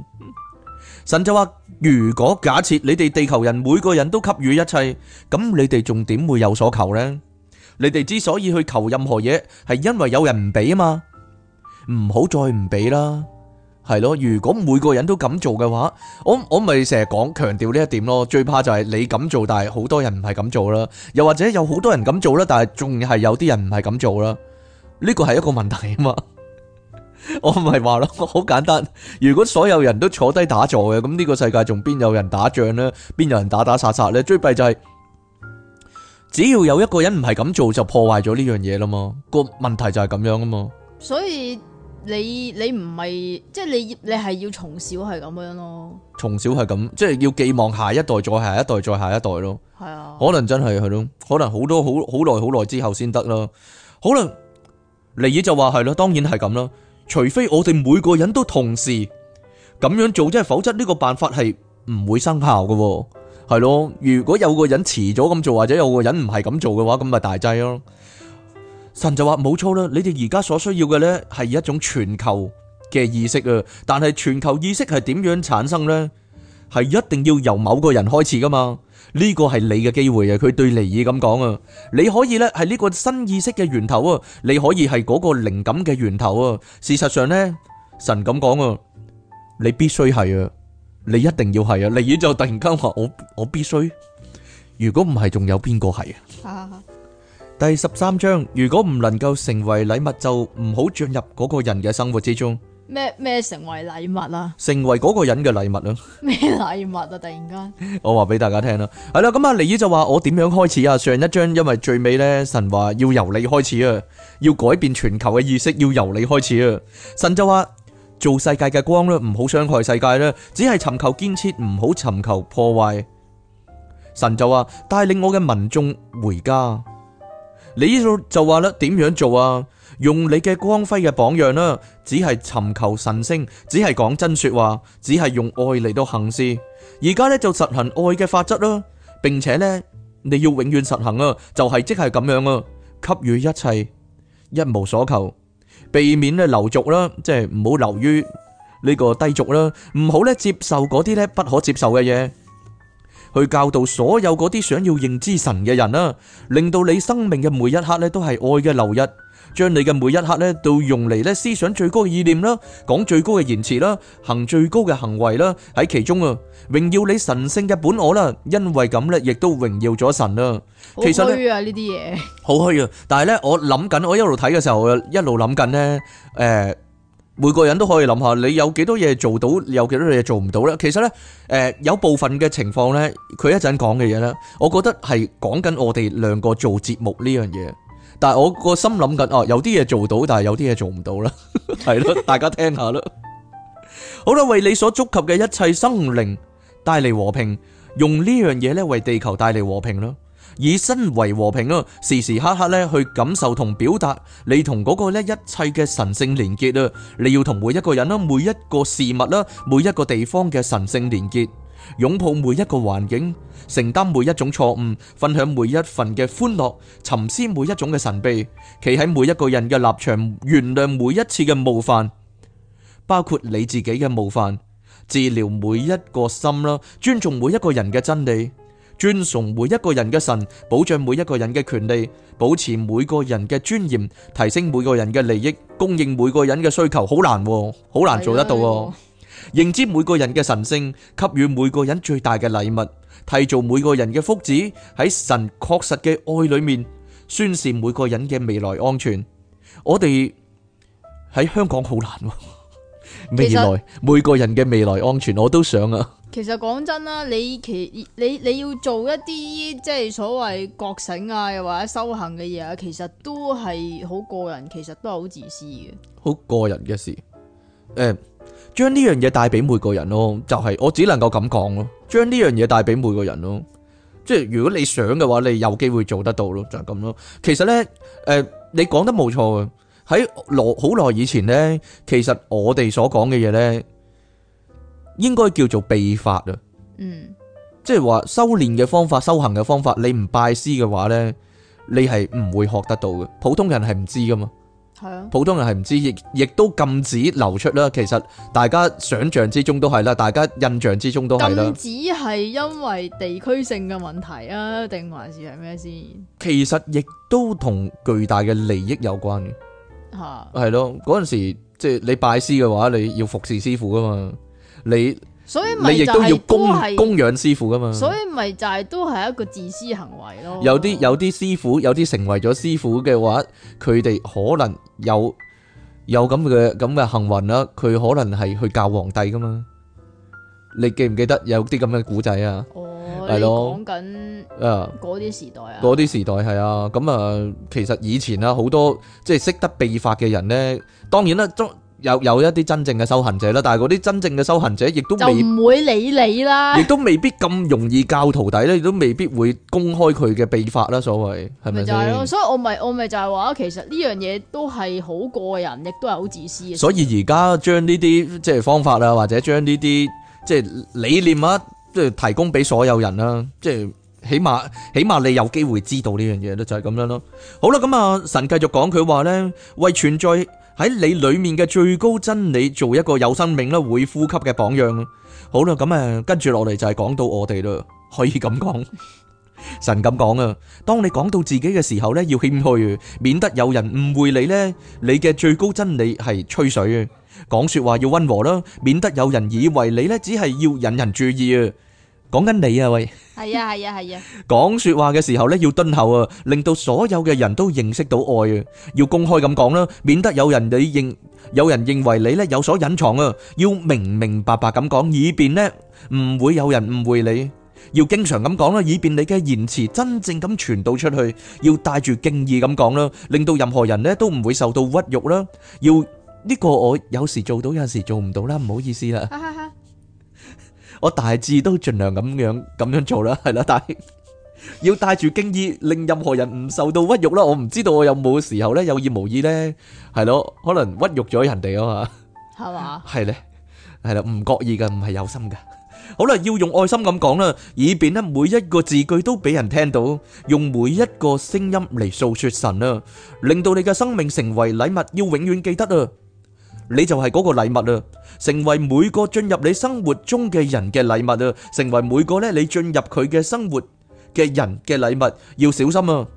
神就話如果假設你哋地球人每個人都給予一切，咁你哋仲點會有所求呢？你哋之所以去求任何嘢，係因為有人唔俾啊嘛！唔好再唔俾啦。係咯，如果每個人都咁做嘅話，我我咪成日講強調呢一點咯。最怕就係你咁做，但係好多人唔係咁做啦；又或者有好多人咁做啦，但係仲係有啲人唔係咁做啦。呢個係一個問題啊嘛。我唔係話咯，好簡單。如果所有人都坐低打坐嘅，咁呢個世界仲邊有人打仗呢？邊有人打打殺殺呢？最弊就係只要有一個人唔係咁做，就破壞咗呢樣嘢啦嘛。個問題就係咁樣啊嘛。所以。你你唔係即係你你係要從小係咁樣咯，從小係咁，即係要寄望下一代再下一代再下一代咯。係啊，可能真係係咯，可能好多好好耐好耐之後先得咯。可能離野就話係咯，當然係咁咯。除非我哋每個人都同時咁樣做，即係否則呢個辦法係唔會生效嘅。係咯，如果有個人遲咗咁做，或者有個人唔係咁做嘅話，咁咪大劑咯。神就話冇錯啦，你哋而家所需要嘅呢係一種全球嘅意識啊，但係全球意識係點樣產生呢？係一定要由某個人開始噶嘛？呢個係你嘅機會啊！佢對尼爾咁講啊，你可以呢係呢個新意識嘅源頭啊，你可以係嗰個靈感嘅源頭啊。事實上呢，神咁講啊，你必須係啊，你一定要係啊。尼爾就突然間話：我我必須。如果唔係，仲有邊個係啊？第十三章，如果唔能夠成為禮物，就唔好進入嗰個人嘅生活之中。咩咩？成為禮物啊？成為嗰個人嘅禮物啦。咩禮物啊？突然間，我話俾大家聽啦，係啦咁啊，尼爾就話，我點樣開始啊？上一章因為最尾咧，神話要由你開始啊，要改變全球嘅意識，要由你開始啊。神就話做世界嘅光啦，唔好傷害世界啦，只係尋求建設，唔好尋求破壞。神就話帶領我嘅民眾回家。你就話啦，點樣做啊？用你嘅光輝嘅榜樣啦、啊，只係尋求神聖，只係講真說話，只係用愛嚟到行事。而家咧就實行愛嘅法則啦、啊，並且咧你要永遠實行啊，就係、是、即係咁樣啊，給予一切，一無所求，避免咧流俗啦、啊，即係唔好流於呢個低俗啦、啊，唔好咧接受嗰啲咧不可接受嘅嘢。去教導所有嗰啲想要認知神嘅人啦，令到你生命嘅每一刻咧都係愛嘅流溢，將你嘅每一刻咧都用嚟咧思想最高嘅意念啦，講最高嘅言辭啦，行最高嘅行為啦，喺其中啊，榮耀你神聖嘅本我啦，因為咁咧亦都榮耀咗神啦。其實咧，好虛啊呢啲嘢，好虛啊！但係咧，我諗緊，我一路睇嘅時候，我一路諗緊咧，誒。每個人都可以諗下，你有幾多嘢做到，有幾多嘢做唔到呢？其實呢，誒，有部分嘅情況呢，佢一陣講嘅嘢呢，我覺得係講緊我哋兩個做節目呢樣嘢。但係我個心諗緊，哦，有啲嘢做到，但係有啲嘢做唔到啦，係咯，大家聽下咯。好啦，為你所觸及嘅一切生靈帶嚟和平，用呢樣嘢呢為地球帶嚟和平咯。以身為和平啊，時時刻刻咧去感受同表達你同嗰個咧一切嘅神聖連結啊！你要同每一個人啦、每一個事物啦、每一個地方嘅神聖連結，擁抱每一個環境，承擔每一種錯誤，分享每一份嘅歡樂，沉思每一種嘅神秘，企喺每一個人嘅立場，原諒每一次嘅冒犯，包括你自己嘅冒犯，治療每一個心啦，尊重每一個人嘅真理。尊崇每一個人嘅神，保障每一個人嘅權利，保持每個人嘅尊嚴，提升每個人嘅利益，供應每個人嘅需求，好難，好難做得到。認知每個人嘅神聖，給予每個人最大嘅禮物，締造每個人嘅福祉，喺神確實嘅愛裏面宣示每個人嘅未來安全。我哋喺香港好難。未來，其實，每個人嘅未來安全，我都想啊。其實講真啦，你其你你要做一啲即係所謂覺醒啊，又或者修行嘅嘢啊，其實都係好個人，其實都係好自私嘅。好個人嘅事，誒，將呢樣嘢帶俾每個人咯，就係我只能夠咁講咯。將呢樣嘢帶俾每個人咯，即係如果你想嘅話，你有機會做得到咯，就係咁咯。其實咧，誒，你講得冇錯嘅。喺羅好耐以前呢，其實我哋所講嘅嘢呢，應該叫做秘法啊。嗯，即係話修煉嘅方法，修行嘅方法，你唔拜師嘅話呢，你係唔會學得到嘅。普通人係唔知噶嘛。係啊。普通人係唔知，亦亦都禁止流出啦。其實大家想象之中都係啦，大家印象之中都係啦。禁止係因為地區性嘅問題啊，定還是係咩先？其實亦都同巨大嘅利益有關。係咯，嗰陣時即係你拜師嘅話，你要服侍師傅噶嘛，你所以咪亦都要供供養師傅噶嘛，所以咪就係都係一個自私行為咯。有啲有啲師傅，有啲成為咗師傅嘅話，佢哋可能有有咁嘅咁嘅幸運啦，佢可能係去教皇帝噶嘛。你記唔記得有啲咁嘅古仔啊？係咯，講緊誒嗰啲時代啊，嗰啲時代係啊，咁啊，其實以前啊，好多即係識得秘法嘅人咧，當然啦，有有一啲真正嘅修行者啦，但係嗰啲真正嘅修行者亦都未，就唔會理你啦，亦都未必咁容易教徒弟咧，亦都未必會公開佢嘅秘法啦，所謂係咪先？咪就係咯，所以我咪我咪就係話，其實呢樣嘢都係好過人，亦都係好自私。所以而家將呢啲即係方法啊，或者將呢啲即係理念啊。即係提供俾所有人，即，起碼，起碼你有機會知道呢樣嘢，就係咁樣咯。好啦，咁啊，神繼續講佢話呢，為存在喺你裏面嘅最高真理做一個有生命啦、會呼吸嘅榜樣。好啦，咁啊，跟住落嚟就係講到我哋啦，可以咁講。神咁講啊，當你講到自己嘅時候呢，要謙虛，免得有人誤會你呢，你嘅最高真理係吹水啊。講說話要溫和啦，免得有人以為你呢，只係要引人注意啊。 講緊你啊喂，係啊係啊係啊，講說話嘅時候呢，要敦厚啊，令到所有嘅人都認識到愛啊，要公開咁講啦，免得有人你認有人認為你呢，有所隱藏啊，要明明白白咁講，以便呢唔會有人誤會你，要經常咁講啦，以便你嘅言辭真正咁傳到出去，要帶住敬意咁講啦，令到任何人呢都唔會受到屈辱啦，要呢個我有時做到，有時做唔到啦，唔好意思啦。我大致都盡量咁樣咁樣做啦，係啦，但係要帶住敬意，令任何人唔受到屈辱啦。我唔知道我有冇時候咧，有意無意咧，係咯，可能屈辱咗人哋啊嘛，係嘛，係咧，係啦，唔覺意噶，唔係有心噶。好啦，要用愛心咁講啦，以便咧每一個字句都俾人聽到，用每一個聲音嚟訴說神啦，令到你嘅生命成為禮物，要永遠記得啊！你就係嗰個禮物啦，成為每個進入你生活中嘅人嘅禮物啊，成為每個咧你進入佢嘅生活嘅人嘅禮物，要小心啊！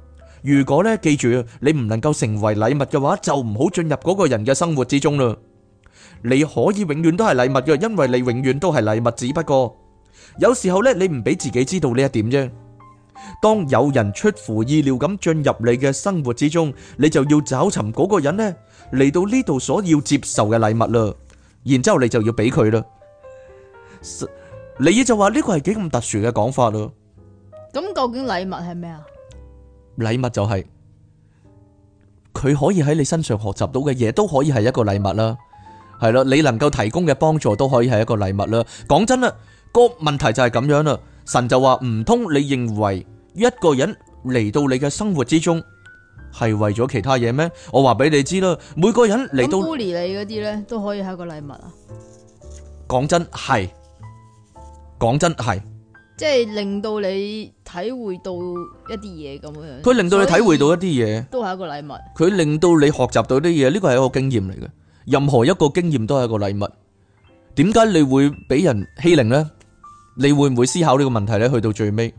如果咧記住啊，你唔能夠成為禮物嘅話，就唔好進入嗰個人嘅生活之中啦。你可以永遠都係禮物嘅，因為你永遠都係禮物，只不過有時候咧，你唔俾自己知道呢一點啫。當有人出乎意料咁進入你嘅生活之中，你就要找尋嗰個人呢。嚟到呢度所要接受嘅禮物啦，然之後你就要俾佢啦。你就話呢個係幾咁特殊嘅講法啦。咁究竟禮物係咩啊？禮物就係佢可以喺你身上學習到嘅嘢，都可以係一個禮物啦。係啦，你能夠提供嘅幫助都可以係一個禮物啦。講真啦，個問題就係咁樣啦。神就話唔通你認為一個人嚟到你嘅生活之中，係為咗其他嘢咩？我話俾你知啦，每個人嚟到，Bully 你嗰啲咧都可以係一個禮物啊。講真係，講真係，即係令到你體會到一啲嘢咁樣樣。佢令到你體會到一啲嘢，都係一個禮物。佢令到你學習到啲嘢，呢個係一個經驗嚟嘅。任何一個經驗都係一個禮物。點解你會俾人欺凌咧？你會唔會思考呢個問題咧？去到最尾。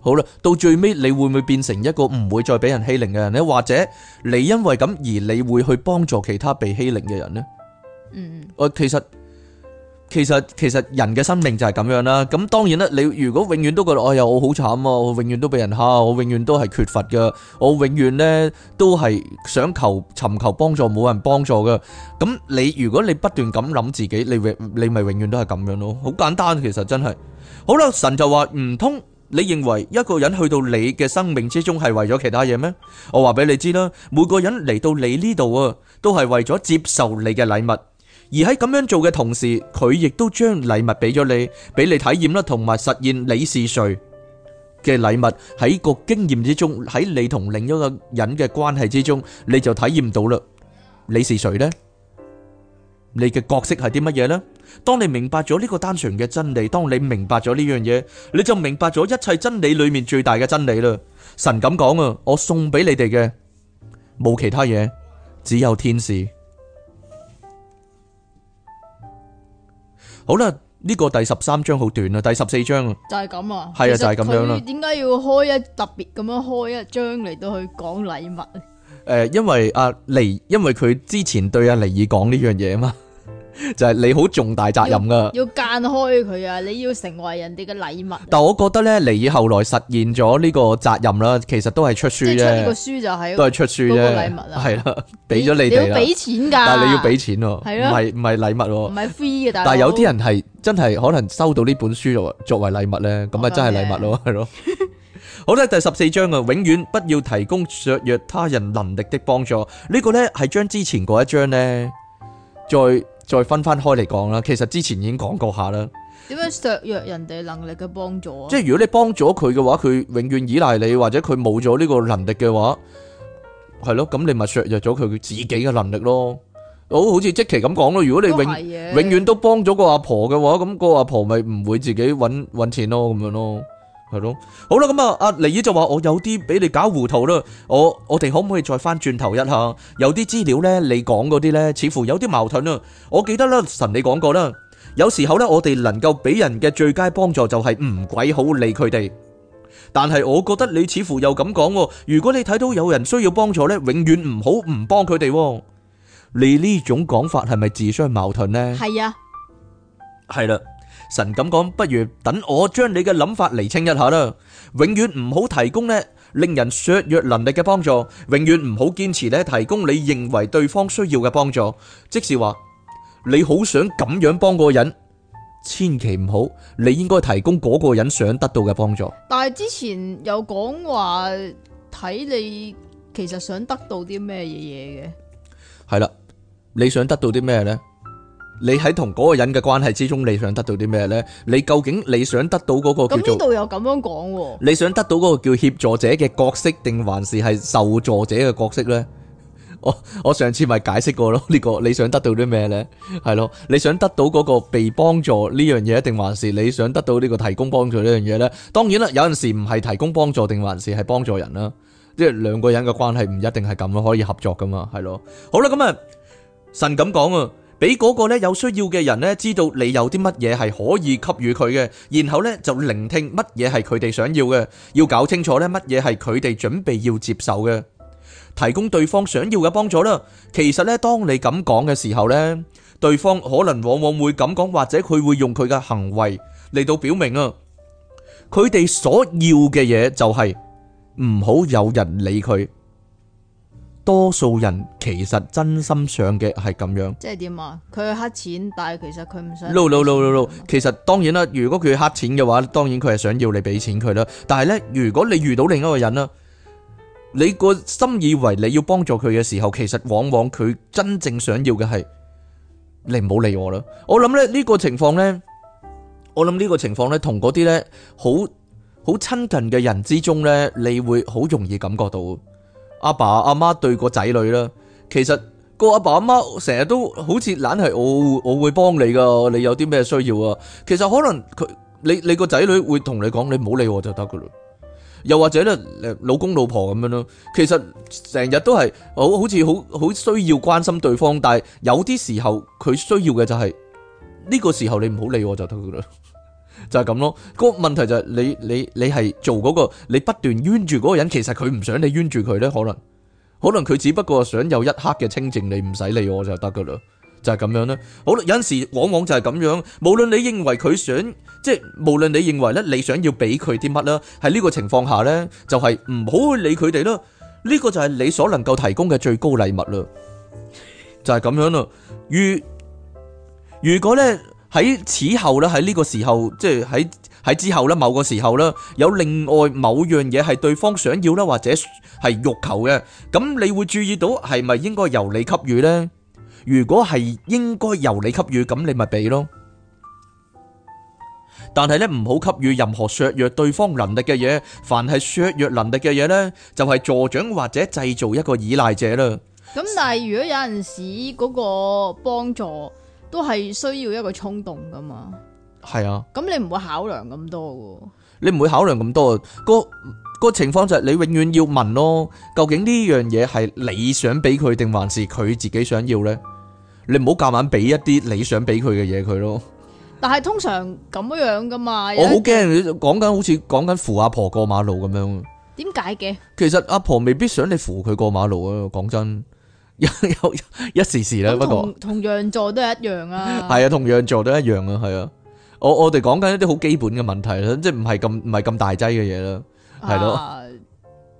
好啦，到最尾你會唔會變成一個唔會再俾人欺凌嘅人呢？或者你因為咁而你會去幫助其他被欺凌嘅人呢？嗯，我其實其實其實人嘅生命就係咁樣啦。咁當然啦，你如果永遠都覺得，哎呀，我好慘啊，我永遠都俾人蝦，我永遠都係缺乏嘅，我永遠呢都係想求尋求幫助，冇人幫助嘅。咁你如果你不斷咁諗自己，你永你咪永遠都係咁樣咯。好簡單，其實真係好啦。神就話唔通。你認為一個人去到你嘅生命之中係為咗其他嘢咩？我話俾你知啦，每個人嚟到你呢度啊，都係為咗接受你嘅禮物，而喺咁樣做嘅同時，佢亦都將禮物俾咗你，俾你體驗啦，同埋實現你是誰嘅禮物喺個經驗之中，喺你同另一個人嘅關係之中，你就體驗到啦，你是誰呢？你嘅角色係啲乜嘢呢？當你明白咗呢個單純嘅真理，當你明白咗呢樣嘢，你就明白咗一切真理裏面最大嘅真理啦。神咁講啊，我送俾你哋嘅冇其他嘢，只有天使。好啦，呢個第十三章好短啊，第十四章啊，就係咁啊，係啊，就係咁樣啦。點解要開一特別咁樣開一張嚟到去講禮物？誒，因為阿尼，因為佢之前對阿尼爾講呢樣嘢啊嘛。就係你好重大責任噶，要間開佢啊！你要成為人哋嘅禮物。但我覺得咧，你後來實現咗呢個責任啦，其實都係出書啫，就出呢個書就係都係出書啫。禮物啊，係啦，俾咗你哋。你要俾錢噶，但係你要俾錢喎，唔係唔係禮物喎，唔係 free 嘅。但係有啲人係真係可能收到呢本書作作為禮物咧，咁啊覺真係禮物咯，係咯。 好啦，第十四章啊，永遠不要提供削弱他人能力的幫助。這個、呢個咧係將之前嗰一章咧再。再分翻開嚟講啦，其實之前已經講過下啦。點樣削弱人哋能力嘅幫助啊？即係如果你幫咗佢嘅話，佢永遠依賴你，或者佢冇咗呢個能力嘅話，係咯，咁你咪削弱咗佢自己嘅能力咯。好好似 Jicky 咁講咯，如果你永永遠都幫咗個阿婆嘅話，咁個阿婆咪唔會自己搵搵錢咯，咁樣咯。係咯，好啦，咁啊，阿尼爾就話，我有啲俾你搞糊塗啦，我我哋可唔可以再返轉頭一下？有啲資料呢，你講嗰啲呢，似乎有啲矛盾啊。我記得啦，神你講過啦，有時候呢，我哋能夠俾人嘅最佳幫助就係唔鬼好理佢哋。但係我覺得你似乎又咁講，如果你睇到有人需要幫助呢，永遠唔好唔幫佢哋。你呢種講法係咪自相矛盾呢？係啊的，係啦。神咁講，不如等我將你嘅諗法厘清一下啦。永遠唔好提供咧令人削弱能力嘅幫助，永遠唔好堅持咧提供你認為對方需要嘅幫助。即是話，你好想咁樣幫個人，千祈唔好。你應該提供嗰個人想得到嘅幫助。但係之前有講話睇你其實想得到啲咩嘢嘢嘅？係啦，你想得到啲咩呢？你喺同嗰個人嘅關係之中，你想得到啲咩呢？你究竟你想得到嗰個叫做你想得到嗰個叫協助者嘅角色，定還是係受助者嘅角色呢？我我上次咪解釋過咯，呢個你想得到啲咩呢？係咯，你想得到嗰個被幫助呢樣嘢，定還是你想得到呢個提供幫助呢樣嘢呢？當然啦，有陣時唔係提供幫助，定還是係幫助人啦。即係兩個人嘅關係唔一定係咁樣，可以合作噶嘛？係咯。好啦，咁啊，神咁講啊。俾嗰個咧有需要嘅人咧知道你有啲乜嘢係可以給予佢嘅，然後咧就聆聽乜嘢係佢哋想要嘅，要搞清楚咧乜嘢係佢哋準備要接受嘅，提供對方想要嘅幫助啦。其實咧，當你咁講嘅時候咧，對方可能往往會咁講，或者佢會用佢嘅行為嚟到表明啊，佢哋所要嘅嘢就係唔好有人理佢。多數人其實真心想嘅係咁樣，即係點啊？佢黑錢，但係其實佢唔想。no no no no no，其實當然啦，如果佢黑錢嘅話，當然佢係想要你俾錢佢啦。但係呢，如果你遇到另一個人啦，你個心以為你要幫助佢嘅時候，其實往往佢真正想要嘅係你唔好理我啦。我諗咧呢個情況呢，我諗呢個情況呢，同嗰啲呢，好好親近嘅人之中呢，你會好容易感覺到。阿爸阿媽對個仔女啦，其實個阿爸阿媽成日都好似懶係，我我會幫你噶你有啲咩需要啊？其實可能佢你你個仔女會同你講，你唔好理我就得噶啦。又或者咧，老公老婆咁樣咯，其實成日都係好好似好好需要關心對方，但係有啲時候佢需要嘅就係呢個時候你唔好理我就得噶啦。就係咁咯，個問題就係你你你係做嗰個，你不斷冤住嗰個人，其實佢唔想你冤住佢咧，可能可能佢只不過想有一刻嘅清淨，你唔使理我就得噶啦，就係咁樣啦。好，有時往往就係咁樣，無論你認為佢想，即係無論你認為咧，你想要俾佢啲乜啦，喺呢個情況下咧，就係唔好去理佢哋啦。呢個就係你所能夠提供嘅最高禮物啦，就係咁樣啦。如如果咧。喺此後咧，喺呢個時候，即係喺喺之後咧，某個時候咧，有另外某樣嘢係對方想要啦，或者係欲求嘅，咁你會注意到係咪應該由你給予呢？如果係應該由你給予，咁你咪俾咯。但係咧，唔好給予任何削弱對方能力嘅嘢。凡係削弱能力嘅嘢呢，就係助長或者製造一個依賴者啦。咁但係，如果有陣時嗰個幫助。都係需要一個衝動噶嘛，係啊，咁你唔會考量咁多噶，你唔會考量咁多，嗰個、嗰個情況就係你永遠要問咯，究竟呢樣嘢係你想俾佢定還是佢自己想要咧？你唔好夾硬俾一啲你想俾佢嘅嘢佢咯。但係通常咁樣樣噶嘛，我好驚你講緊好似講緊扶阿婆過馬路咁樣，點解嘅？其實阿婆未必想你扶佢過馬路啊，講真。有有 一時時事啦，同不過同樣做都係一樣啊。係 啊，同樣做都一樣啊，係啊。我我哋講緊一啲好基本嘅問題啦，即係唔係咁唔係咁大劑嘅嘢啦，係咯，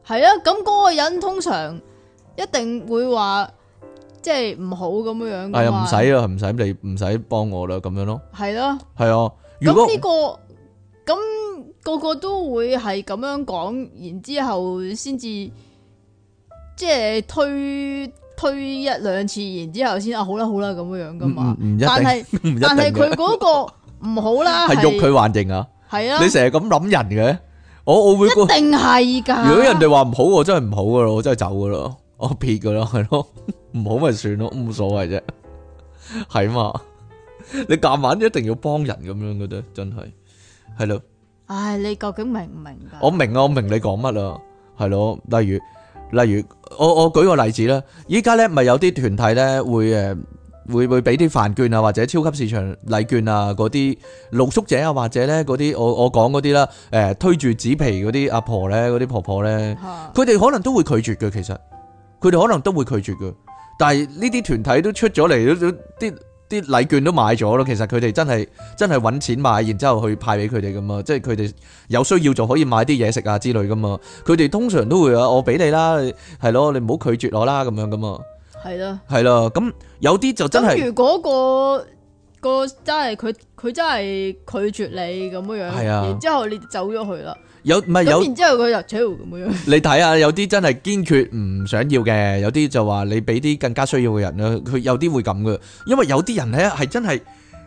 係啊。咁嗰、啊啊、個人通常一定會話，即係唔好咁樣樣。係、哎、呦啊，唔使啊，唔使你唔使幫我啦，咁樣咯。係咯，係啊。咁呢、啊這個咁、那個個都會係咁樣講，然之後先至即係推。推一兩次，然之後先啊，好啦好啦咁樣樣噶嘛，嗯、但係是 但係佢嗰個唔好啦，係喐佢還型啊，係啊，你成日咁諗人嘅，我我會一定係噶，如果人哋話唔好，我真係唔好噶咯，我真係走噶咯，我撇噶咯，係咯、啊，唔 好咪算咯，冇所謂啫，係嘛、啊， 你夾硬一定要幫人咁樣嘅啫，真係係咯，唉、啊哎，你究竟明唔明噶？我明啊，我明你講乜啊，係咯，例如例如。我我舉個例子啦，依家咧咪有啲團體咧會誒、呃、會會俾啲飯券啊或者超級市場禮券啊，嗰啲露宿者啊或者咧嗰啲我我講嗰啲啦，誒推住紙皮嗰啲阿婆咧嗰啲婆婆咧，佢哋可能都會拒絕嘅，其實佢哋可能都會拒絕嘅，但係呢啲團體都出咗嚟啲。啲禮券都買咗咯，其實佢哋真係真係揾錢買，然之後去派俾佢哋噶嘛，即係佢哋有需要就可以買啲嘢食啊之類噶嘛。佢哋通常都會話，我俾你啦，係咯，你唔好拒絕我啦，咁樣噶嘛。係啦的，係啦，咁有啲就真係。咁如果，嗰個，嗰個真係佢佢真係拒絕你咁樣樣，的然之後你走咗去啦。有唔係有，然之後佢就操咁樣。你睇下，有啲真係堅決唔想要嘅，有啲就話你俾啲更加需要嘅人咯。佢有啲會咁嘅，因為有啲人咧係真係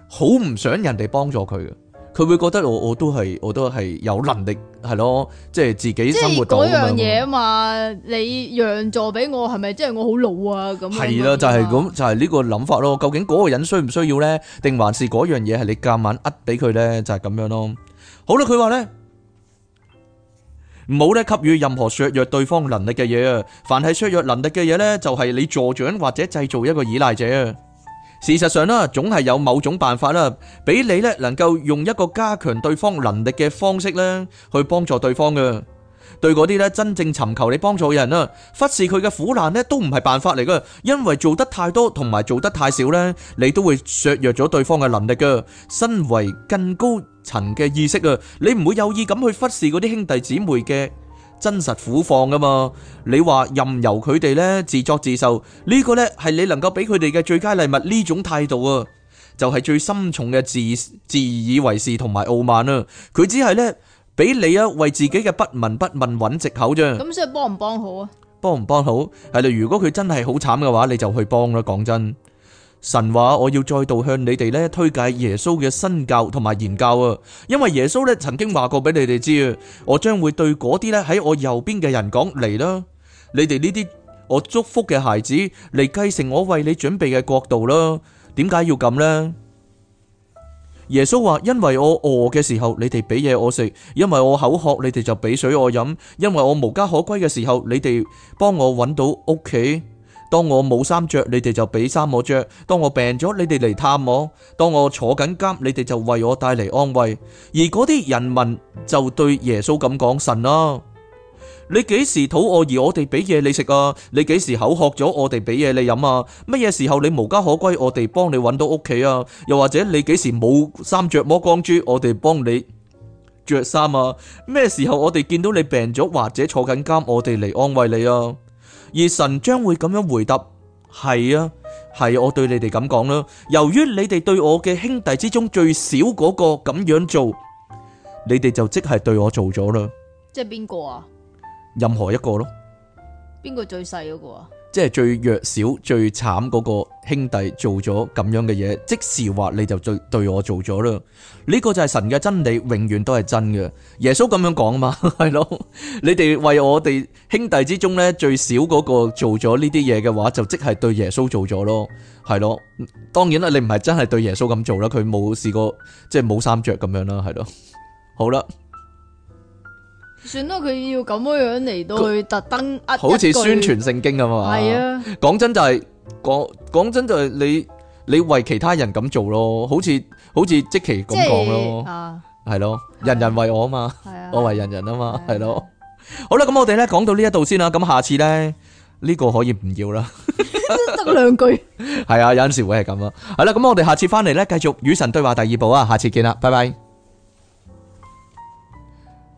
好唔想人哋幫助佢嘅，佢會覺得我我都係我都係有能力係咯，即係自己生活到咁樣。即係嗰樣嘢嘛，你讓座俾我，係咪即係我好老啊？咁係啦，就係咁，就係呢個諗法咯。究竟嗰個人需唔需要咧？定還是嗰樣嘢係你夾硬呃俾佢咧？就係咁樣咯。好啦，佢話咧。唔好咧，給予任何削弱對方能力嘅嘢啊！凡係削弱能力嘅嘢咧，就係你助長或者製造一個依賴者。事實上呢，總係有某種辦法啦，俾你咧能夠用一個加強對方能力嘅方式咧，去幫助對方噶。對嗰啲咧真正尋求你幫助嘅人啦，忽視佢嘅苦難咧都唔係辦法嚟噶，因為做得太多同埋做得太少呢，你都會削弱咗對方嘅能力噶。身為更高層嘅意識啊，你唔會有意咁去忽視嗰啲兄弟姊妹嘅真實苦況噶嘛？你話任由佢哋呢自作自受，呢、這個呢係你能夠俾佢哋嘅最佳禮物。呢種態度啊，就係、是、最深重嘅自自以為是同埋傲慢啊！佢只係呢。俾你啊，為自己嘅不聞不問揾藉口啫。咁所以幫唔幫好啊？幫唔幫好係啦。如果佢真係好慘嘅話，你就去幫啦。講真，神話我要再度向你哋咧推介耶穌嘅新教同埋言教啊。因為耶穌咧曾經話過俾你哋知啊，我將會對嗰啲咧喺我右邊嘅人講嚟啦。你哋呢啲我祝福嘅孩子嚟繼承我為你準備嘅國度啦。點解要咁呢？耶穌話：因為我餓嘅時候，你哋俾嘢我食；因為我口渴，你哋就俾水我飲；因為我無家可歸嘅時候，你哋幫我揾到屋企；當我冇衫着，你哋就俾衫我着；當我病咗，你哋嚟探我；當我坐緊監，你哋就為我帶嚟安慰。而嗰啲人民就對耶穌咁講：神啊！你幾時肚餓而我哋俾嘢你食啊？你幾時口渴咗我哋俾嘢你飲啊？乜嘢時候你無家可歸我哋幫你揾到屋企啊？又或者你幾時冇衫着摸光豬我哋幫你着衫啊？咩時候我哋見到你病咗或者坐緊監我哋嚟安慰你啊？而神將會咁樣回答：係啊，係我對你哋咁講啦。由於你哋對我嘅兄弟之中最少嗰個咁樣做，你哋就即係對我做咗啦。即係邊個啊？任何一個咯，邊個最細嗰個啊？即係最弱小、最慘嗰個兄弟做咗咁樣嘅嘢，即時話你就對對我做咗啦。呢個就係神嘅真理，永遠都係真嘅。耶穌咁樣講啊嘛，係咯。你哋為我哋兄弟之中咧最少嗰個做咗呢啲嘢嘅話，就即係對耶穌做咗咯，係咯。當然啦，你唔係真係對耶穌咁做啦，佢冇試過即係冇衫着咁樣啦，係咯。好啦。算啦，佢要咁樣樣嚟到去特登，好似宣傳聖經咁啊！係啊，講真就係講講真就係你你為其他人咁做咯，好似好似即其咁講咯，係咯，人人為我啊嘛，我為人人啊嘛，係咯。好啦，咁我哋咧講到呢一度先啦，咁下次咧呢個可以唔要啦，得兩句。係啊，有陣時會係咁啊。係啦，咁我哋下次翻嚟咧繼續與神對話第二部啊，下次見啦，拜拜。